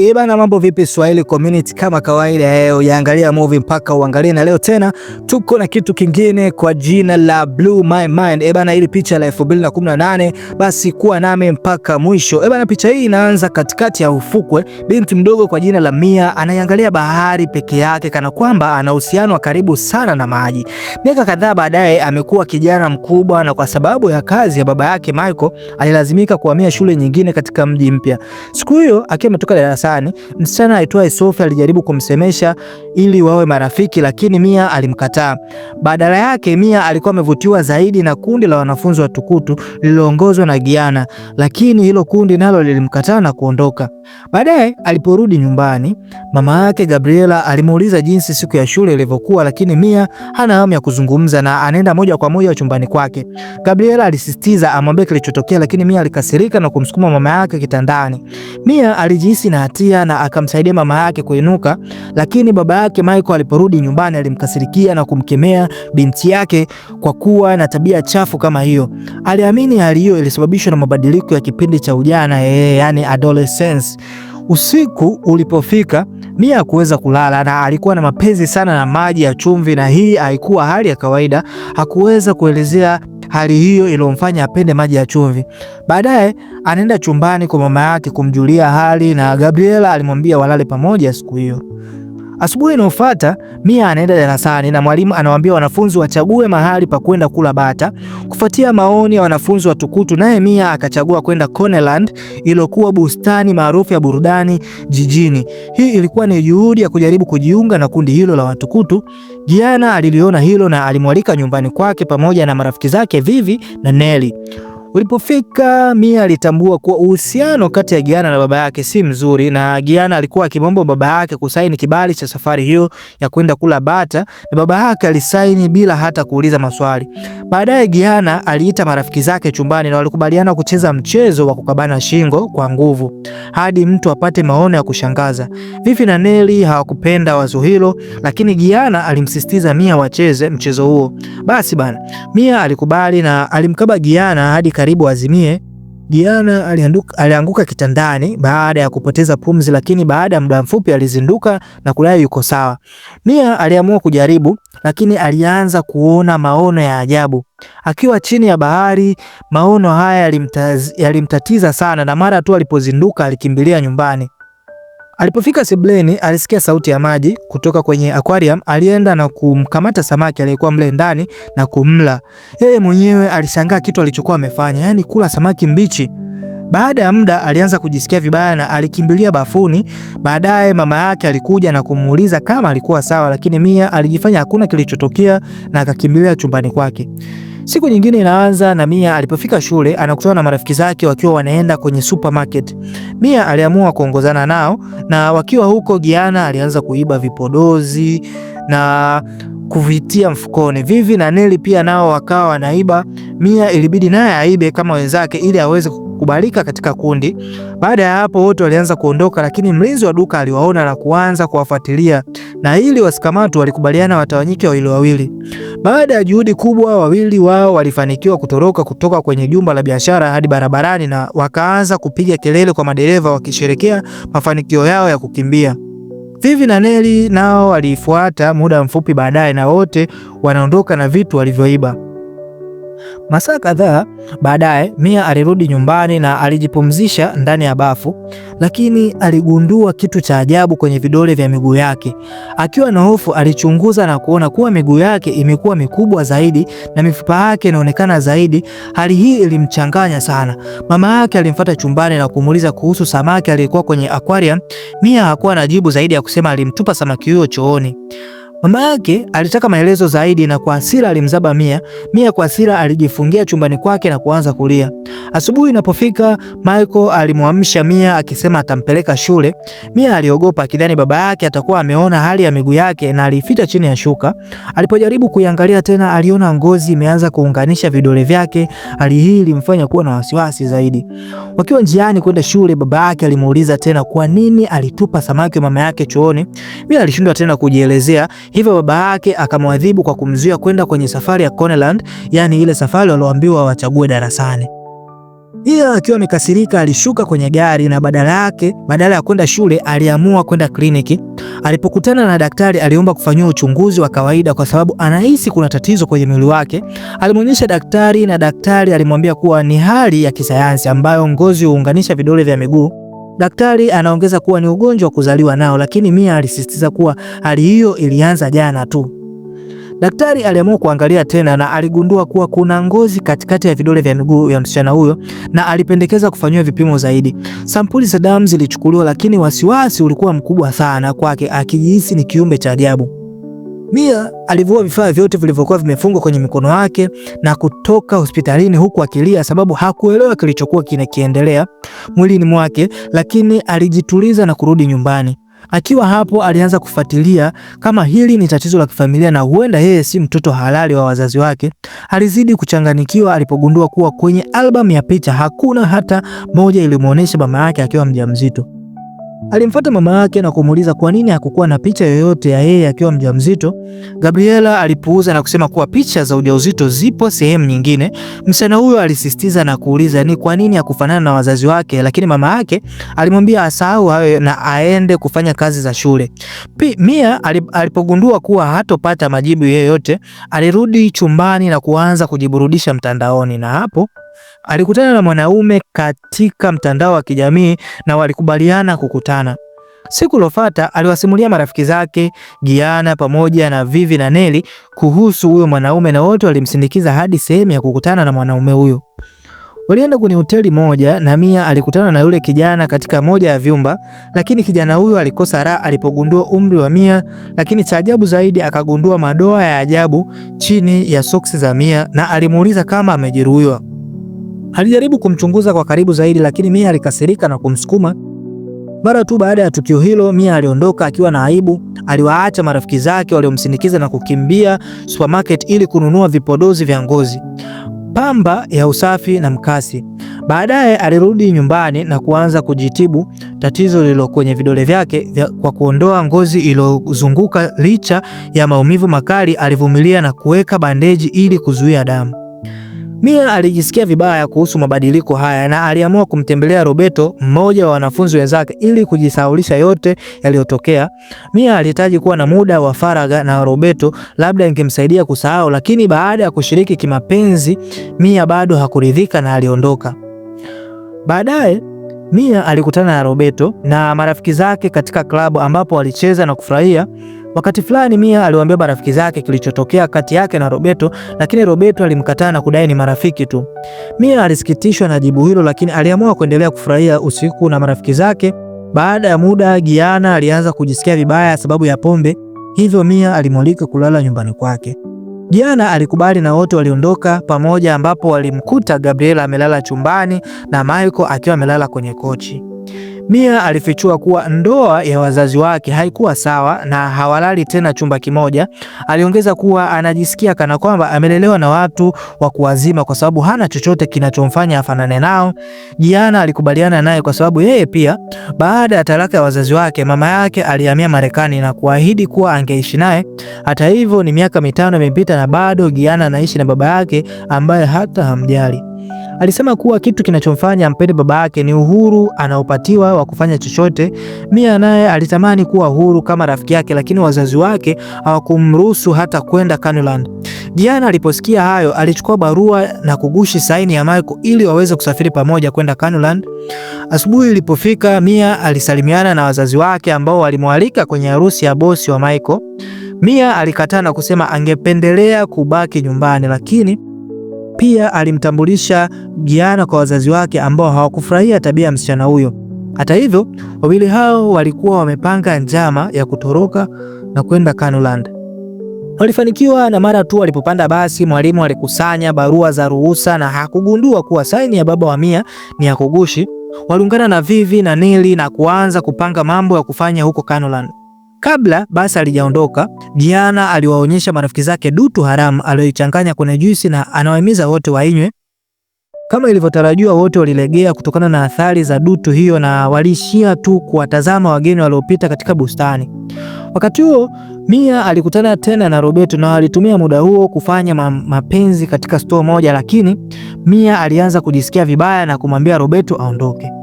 Ibana, mambo vipi Swahili community? Kama kawaida, eh, ujaangalia movie mpaka uangalie. Na leo tena tuko na kitu kingine kwa jina la Blue My Mind. Ebana, ili picha la 2018 basi kuwa nami mpaka mwisho. Ebana, picha hii inaanza katikati ya ufukwe, binti mdogo kwa jina la Mia anaiangalia bahari peke yake kana kwamba ana uhusiano wa karibu sana na maji. Miaka kadhaa baadaye amekuwa kijana mkubwa, na kwa sababu ya kazi ya baba yake Michael alilazimika kuhamia shule nyingine katika mji mpya. Siku hiyo akiwa ametoka darasa kanisani. Msichana aitwaye Sophie alijaribu kumsemesha ili wawe marafiki, lakini Mia alimkataa. Badala yake, Mia alikuwa amevutiwa zaidi na kundi la wanafunzi wa Tukutu lililoongozwa na Giana, lakini hilo kundi nalo lilimkataa na kuondoka. Baadaye aliporudi nyumbani, mama yake Gabriela alimuuliza jinsi siku ya shule ilivyokuwa, lakini Mia hana hamu ya kuzungumza na anaenda moja kwa moja chumbani kwake. Gabriela alisisitiza amwambie kilichotokea, lakini Mia alikasirika na kumsukuma mama yake kitandani. Mia alijihisi na akampatia na akamsaidia mama yake kuinuka, lakini baba yake Michael aliporudi nyumbani alimkasirikia na kumkemea binti yake kwa kuwa na tabia chafu kama hiyo. Aliamini hali hiyo ilisababishwa na mabadiliko ya kipindi cha ujana yeye, eh, yani adolescence. Usiku ulipofika Mia hakuweza kulala na alikuwa na mapenzi sana na maji ya chumvi, na hii haikuwa hali ya kawaida. Hakuweza kuelezea hali hiyo iliyomfanya apende maji ya chumvi. Baadaye anaenda chumbani kwa mama yake kumjulia hali, na Gabriela alimwambia walale pamoja siku hiyo. Asubuhi inayofuata Mia anaenda darasani na mwalimu anawaambia wanafunzi wachague mahali pa kwenda kula bata. Kufuatia maoni ya wanafunzi wa Tukutu, naye Mia akachagua kwenda Coneland iliyokuwa bustani maarufu ya burudani jijini. Hii ilikuwa ni juhudi ya kujaribu kujiunga na kundi hilo la Watukutu. Giana aliliona hilo na alimwalika nyumbani kwake pamoja na marafiki zake Vivi na Neli. Ulipofika Mia alitambua kuwa uhusiano kati ya Giana na baba yake si mzuri, na Giana alikuwa akimwomba baba yake kusaini kibali cha safari hiyo ya kwenda kula bata, na baba yake alisaini bila hata kuuliza maswali. Baadaye Giana aliita marafiki zake chumbani na walikubaliana kucheza mchezo wa kukabana shingo kwa nguvu hadi mtu apate maono ya kushangaza. Vivi na Neli hawakupenda wazo hilo, lakini Giana alimsisitiza Mia wacheze mchezo huo. Basi bana, Mia alikubali na alimkaba Giana hadi karibu azimie, Diana alianduka, alianguka kitandani baada ya kupoteza pumzi, lakini baada ya muda mfupi alizinduka na kudai yuko sawa. Mia aliamua kujaribu, lakini alianza kuona maono ya ajabu akiwa chini ya bahari. Maono haya yalimtatiza sana, na mara tu alipozinduka alikimbilia nyumbani. Alipofika sebleni, alisikia sauti ya maji kutoka kwenye aquarium. Alienda na kumkamata samaki aliyekuwa mle ndani na kumla. Yeye mwenyewe alishangaa kitu alichokuwa amefanya, yaani kula samaki mbichi. Baada ya muda alianza kujisikia vibaya na alikimbilia bafuni. Baadaye mama yake alikuja na kumuuliza kama alikuwa sawa, lakini Mia alijifanya hakuna kilichotokea na akakimbilia chumbani kwake. Siku nyingine inaanza na Mia alipofika shule anakutana na marafiki zake wakiwa wanaenda kwenye supermarket. Mia aliamua kuongozana nao na wakiwa huko Giana alianza kuiba vipodozi na kuvitia mfukoni. Vivi na Neli pia nao wakawa wanaiba. Mia ilibidi naye aibe kama wenzake ili aweze kukubalika katika kundi. Baada ya hapo wote walianza kuondoka, lakini mlinzi wa duka aliwaona na kuanza kuwafuatilia, na ili wasikamatwe walikubaliana watawanyike wawili wawili. Baada ya juhudi kubwa, wawili wao walifanikiwa kutoroka kutoka kwenye jumba la biashara hadi barabarani, na wakaanza kupiga kelele kwa madereva wakisherekea mafanikio yao ya kukimbia vivi na neli nao waliifuata muda mfupi baadaye, na wote wanaondoka na vitu walivyoiba. Masaa kadhaa baadaye, Mia alirudi nyumbani na alijipumzisha ndani ya bafu, lakini aligundua kitu cha ajabu kwenye vidole vya miguu yake. Akiwa na hofu, alichunguza na kuona kuwa miguu yake imekuwa mikubwa zaidi na mifupa yake inaonekana zaidi. Hali hii ilimchanganya sana. Mama yake alimfuata chumbani na kumuuliza kuhusu samaki aliyekuwa kwenye aquarium. Mia hakuwa na jibu zaidi ya kusema alimtupa samaki huyo chooni. Mama yake alitaka maelezo zaidi na kwa hasira alimzaba Mia. Mia kwa hasira alijifungia chumbani kwake na kuanza kulia. Asubuhi inapofika, Michael alimwamsha Mia akisema atampeleka shule. Mia aliogopa akidhani baba yake atakuwa ameona hali ya miguu yake na aliificha chini ya shuka. Alipojaribu kuiangalia tena, aliona ngozi imeanza kuunganisha vidole vyake. Hali hii ilimfanya kuwa na wasiwasi zaidi. Wakiwa njiani kwenda shule, baba yake alimuuliza tena kwa nini alitupa samaki mama yake chooni. Mia alishindwa tena kujielezea. Hivyo baba yake akamwadhibu kwa kumzuia kwenda kwenye safari ya Coneland, yaani ile safari walioambiwa wachague darasani. Ila akiwa amekasirika alishuka kwenye gari na badala yake, badala ya kwenda shule aliamua kwenda kliniki. Alipokutana na daktari, aliomba kufanyiwa uchunguzi wa kawaida kwa sababu anahisi kuna tatizo kwenye mwili wake. Alimwonyesha daktari na daktari alimwambia kuwa ni hali ya kisayansi ambayo ngozi huunganisha vidole vya miguu. Daktari anaongeza kuwa ni ugonjwa wa kuzaliwa nao, lakini Mia alisisitiza kuwa hali hiyo ilianza jana tu. Daktari aliamua kuangalia tena na aligundua kuwa kuna ngozi katikati ya vidole vya miguu ya msichana huyo na alipendekeza kufanyiwa vipimo zaidi. Sampuli za damu zilichukuliwa, lakini wasiwasi ulikuwa mkubwa sana kwake, akijihisi ni kiumbe cha ajabu. Mia alivua vifaa vyote vilivyokuwa vimefungwa kwenye mikono yake na kutoka hospitalini huku akilia, sababu hakuelewa kilichokuwa kinakiendelea mwilini mwake, lakini alijituliza na kurudi nyumbani. Akiwa hapo alianza kufuatilia kama hili ni tatizo la kifamilia na huenda yeye si mtoto halali wa wazazi wake. Alizidi kuchanganikiwa alipogundua kuwa kwenye albamu ya picha hakuna hata moja ilimuonesha mama yake akiwa mjamzito. Alimfuata mama yake na kumuuliza kwa nini hakukuwa na picha yoyote ya yeye akiwa mjamzito. Gabriela alipuuza na kusema kuwa picha za ujauzito zipo sehemu nyingine. Msichana huyo alisisitiza na kuuliza ni kwa nini hakufanana na wazazi wake, lakini mama yake alimwambia asahau hayo na aende kufanya kazi za shule. Mia alipogundua kuwa hatopata majibu yoyote, alirudi chumbani na kuanza kujiburudisha mtandaoni na hapo Alikutana na mwanaume katika mtandao wa kijamii na walikubaliana kukutana. Siku ilofata aliwasimulia marafiki zake Giana pamoja na Vivi na Neli kuhusu huyo mwanaume na wote walimsindikiza hadi sehemu ya kukutana na mwanaume huyo. Walienda kwenye hoteli moja na Mia alikutana na yule kijana katika moja ya vyumba, lakini kijana huyo alikosa raha alipogundua umri wa Mia, lakini cha ajabu zaidi akagundua madoa ya ajabu chini ya soksi za Mia na alimuuliza kama amejeruhiwa. Alijaribu kumchunguza kwa karibu zaidi, lakini Mia alikasirika na kumsukuma. Mara tu baada ya tukio hilo, Mia aliondoka akiwa na aibu. Aliwaacha marafiki zake waliomsindikiza na kukimbia supermarket ili kununua vipodozi vya ngozi, pamba ya usafi na mkasi. Baadaye alirudi nyumbani na kuanza kujitibu tatizo lilo kwenye vidole vyake kwa kuondoa ngozi iliyozunguka. Licha ya maumivu makali, alivumilia na kuweka bandeji ili kuzuia damu. Mia alijisikia vibaya kuhusu mabadiliko haya na aliamua kumtembelea Roberto, mmoja wa wanafunzi wenzake, ili kujisahaulisha yote yaliyotokea. Mia alihitaji kuwa na muda wa faraga na Roberto, labda ingemsaidia kusahau, lakini baada ya kushiriki kimapenzi, Mia bado hakuridhika na aliondoka. Baadaye Mia alikutana na Roberto na marafiki zake katika klabu ambapo walicheza na kufurahia. Wakati fulani Mia aliwaambia marafiki zake kilichotokea kati yake na Roberto, lakini Roberto alimkataa na kudai ni marafiki tu. Mia alisikitishwa na jibu hilo, lakini aliamua kuendelea kufurahia usiku na marafiki zake. Baada ya muda, Giana alianza kujisikia vibaya sababu ya pombe, hivyo Mia alimwalika kulala nyumbani kwake. Giana alikubali na wote waliondoka pamoja, ambapo walimkuta Gabriela amelala chumbani na Michael akiwa amelala kwenye kochi. Mia alifichua kuwa ndoa ya wazazi wake haikuwa sawa na hawalali tena chumba kimoja. Aliongeza kuwa anajisikia kana kwamba amelelewa na watu wa kuwazima kwa sababu hana chochote kinachomfanya afanane nao. Jiana alikubaliana naye kwa sababu yeye pia, baada ya talaka ya wazazi wake, mama yake alihamia Marekani na kuahidi kuwa angeishi naye. Hata hivyo, ni miaka mitano imepita na bado Jiana anaishi na baba yake ambaye hata hamjali. Alisema kuwa kitu kinachomfanya ampende baba yake ni uhuru anaopatiwa wa kufanya chochote. Mia naye alitamani kuwa huru kama rafiki yake, lakini wazazi wake hawakumruhusu hata kwenda Canyonland. Diana aliposikia hayo, alichukua barua na kugushi saini ya Marco ili waweze kusafiri pamoja kwenda Canyonland. Asubuhi ilipofika, Mia alisalimiana na wazazi wake ambao walimwalika kwenye harusi ya bosi wa Michael. Mia alikataa na kusema angependelea kubaki nyumbani, lakini pia alimtambulisha Giana kwa wazazi wake ambao hawakufurahia tabia ya msichana huyo. Hata hivyo, wawili hao walikuwa wamepanga njama ya kutoroka na kwenda Kanuland. Walifanikiwa na mara tu walipopanda basi, mwalimu alikusanya barua za ruhusa na hakugundua kuwa saini ya baba wa Mia ni ya kugushi. Waliungana na Vivi na neli na kuanza kupanga mambo ya kufanya huko Kanuland. Kabla basi alijaondoka, Diana aliwaonyesha marafiki zake dutu haramu aliyoichanganya kwenye juisi na anawahimiza wote wainywe. Kama ilivyotarajiwa, wote walilegea kutokana na athari za dutu hiyo na waliishia tu kuwatazama wageni waliopita katika bustani. Wakati huo Mia alikutana tena na Roberto na walitumia muda huo kufanya ma mapenzi katika stoo moja, lakini Mia alianza kujisikia vibaya na kumwambia Roberto aondoke.